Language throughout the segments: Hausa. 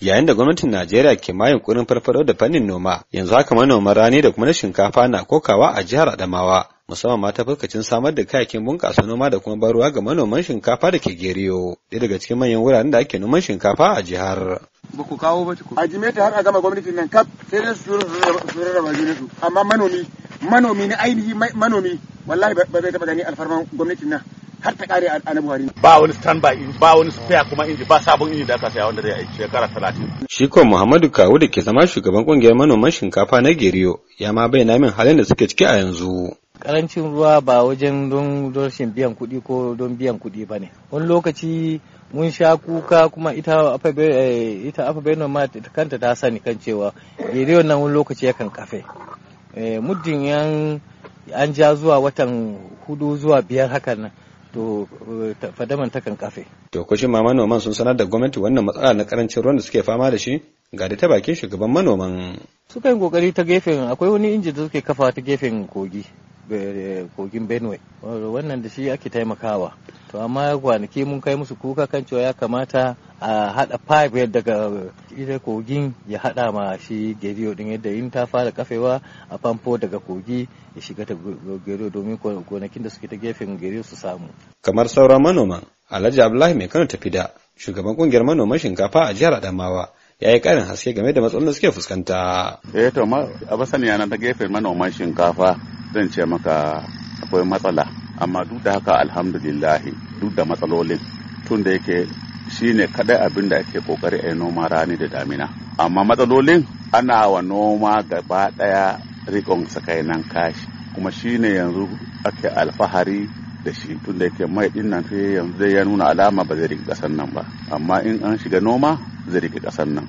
yayin da gwamnatin Najeriya ke ma kurin farfado da fannin noma yanzu haka manoman rani da kuma na shinkafa na kokawa a jihar Adamawa musamman ma ta fuskacin samar da kayakin bunƙasa noma da kuma baruwa ga manoman shinkafa da ke Geriyo ɗaya daga cikin manyan wuraren da ake noman shinkafa a jihar ba ku kawo ba ku a ta har a gama gwamnatin nan kaf sai dai su da bajin su amma manomi manomi na ainihi manomi wallahi ba zai taɓa gani alfarman gwamnatin nan har ba wani ba wani spare kuma inji ba sabon inji da aka saya wanda zai aiki shekara talatin. shiko muhammadu kawu da ke zama shugaban kungiyar manoman shinkafa na geriyo ya ma bayyana min halin da suke ciki a yanzu karancin ruwa ba wajen don rashin biyan kuɗi ko don biyan kuɗi ba ne wani lokaci mun sha kuka kuma ita eh, ita afabe ma kanta ta sani kan cewa geriyo nan wani lokaci yakan kafe eh, muddin yan an ja zuwa watan hudu zuwa biyar hakan nan to eh, fadaman takan kafe. To kushin ma manoman sun sanar da gwamnati wannan matsala na karancin ruwan da suke fama da shi ga da ta bakin shugaban manoman. Suka yi kokari ta gefen akwai wani inji da suke kafa ta gefen kogi kogin Benue wannan da shi ake taimakawa. To amma kwanaki mun kai musu kuka kan cewa ya kamata a haɗa pipe daga ita kogin ya haɗa ma shi geriyo din yadda in ta fara kafewa a famfo daga kogi ya shiga ta domin gonakin da suke ta gefen geriyo su samu kamar sauran manoman alhaji abdullahi mai kano da shugaban kungiyar manoman shinkafa a jihar adamawa ya yi karin haske game da matsalolin suke fuskanta eh to a basaniya yana ta gefen manoman shinkafa zan ce maka akwai matsala amma duk da haka lillahi duk da matsalolin tun da yake Shi ne kadai abin da ake kokari a noma rani da damina amma matsalolin ana wa noma gaba daya rikon sakainan kashi kuma shi ne yanzu ake alfahari da shi tun da yake mai din nan sai yanzu zai ya nuna alama ba zai rike kasan nan ba amma in an shiga noma zai rike kasan nan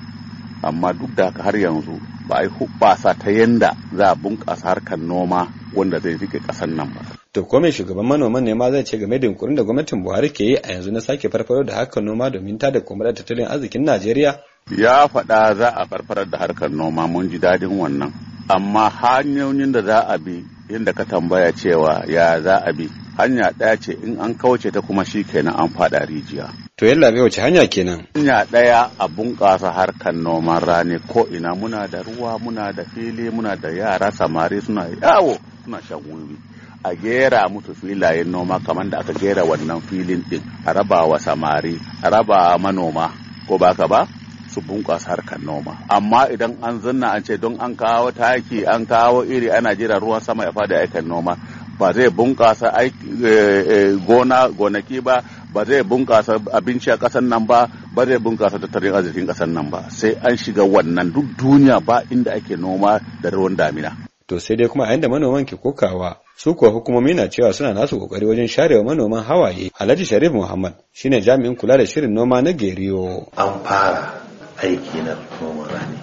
amma duk da haka har yanzu ba a yi hubbasa ta yanda za a bunƙasa harkar noma wanda zai rike ƙasar nan ba to mai shugaban manoman ne ma zai ce game da yunkurin da gwamnatin buhari ke yi a yanzu na sake farfaro da harkar noma domin ta da kuma tattalin arzikin najeriya ya faɗa za a farfarar da harkar noma mun ji daɗin wannan amma hanyoyin da za a bi inda ka tambaya cewa ya za a bi hanya ɗaya ce in an kauce ta kuma shi kenan an faɗa rijiya to yin labe wace hanya kenan hanya ɗaya a bunƙasa harkar noman rani ko ina muna da ruwa muna da fili muna da yara samari suna yawo suna shan wuri. a gera musu filayen noma kamar da aka gera wannan filin din a raba wa samari a raba manoma ko ba ka ba su bunƙasa harkar noma amma idan an zanna an ce don an kawo taki an kawo iri ana jira ruwan sama ya fada aikin noma ba zai bunƙasa eh, eh, gona gonaki ba ba zai bunƙasa abinci a ƙasar nan ba ba zai bunƙasa tattalin arzikin ƙasar nan ba sai an shiga wannan duk duniya ba inda ake noma da ruwan damina to sai dai kuma a yanda manoman ke kokawa su kuwa hukumomi na cewa suna nasu kokari wajen sharewa manoman hawaye alhaji sharif muhammad shine jami'in kula da shirin noma na geriyo an fara aiki na noma rani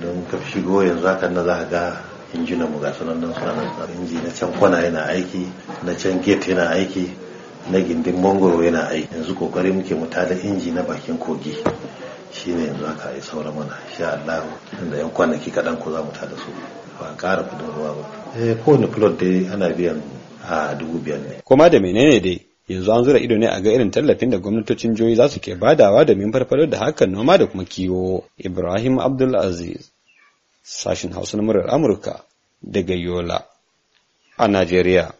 don ka shigo yanzu haka na za ga injina mu ga sunan nan suna inji na can kwana yana aiki na can gate yana aiki na gindin mangoro yana aiki yanzu kokari muke mu da inji na bakin kogi shine yanzu haka yi saura mana sha Allah da yan kwanaki kaɗan ko za mu da su ba a ƙara kudin ruwa ba kowane plot dai ana biyan a dubu biyar ne kuma da menene dai yanzu an zura ido ne a ga irin tallafin da gwamnatocin jihohi za su ke badawa domin farfado da hakan noma da kuma kiwo ibrahim abdul aziz sashin hausa na murar amurka daga yola a najeriya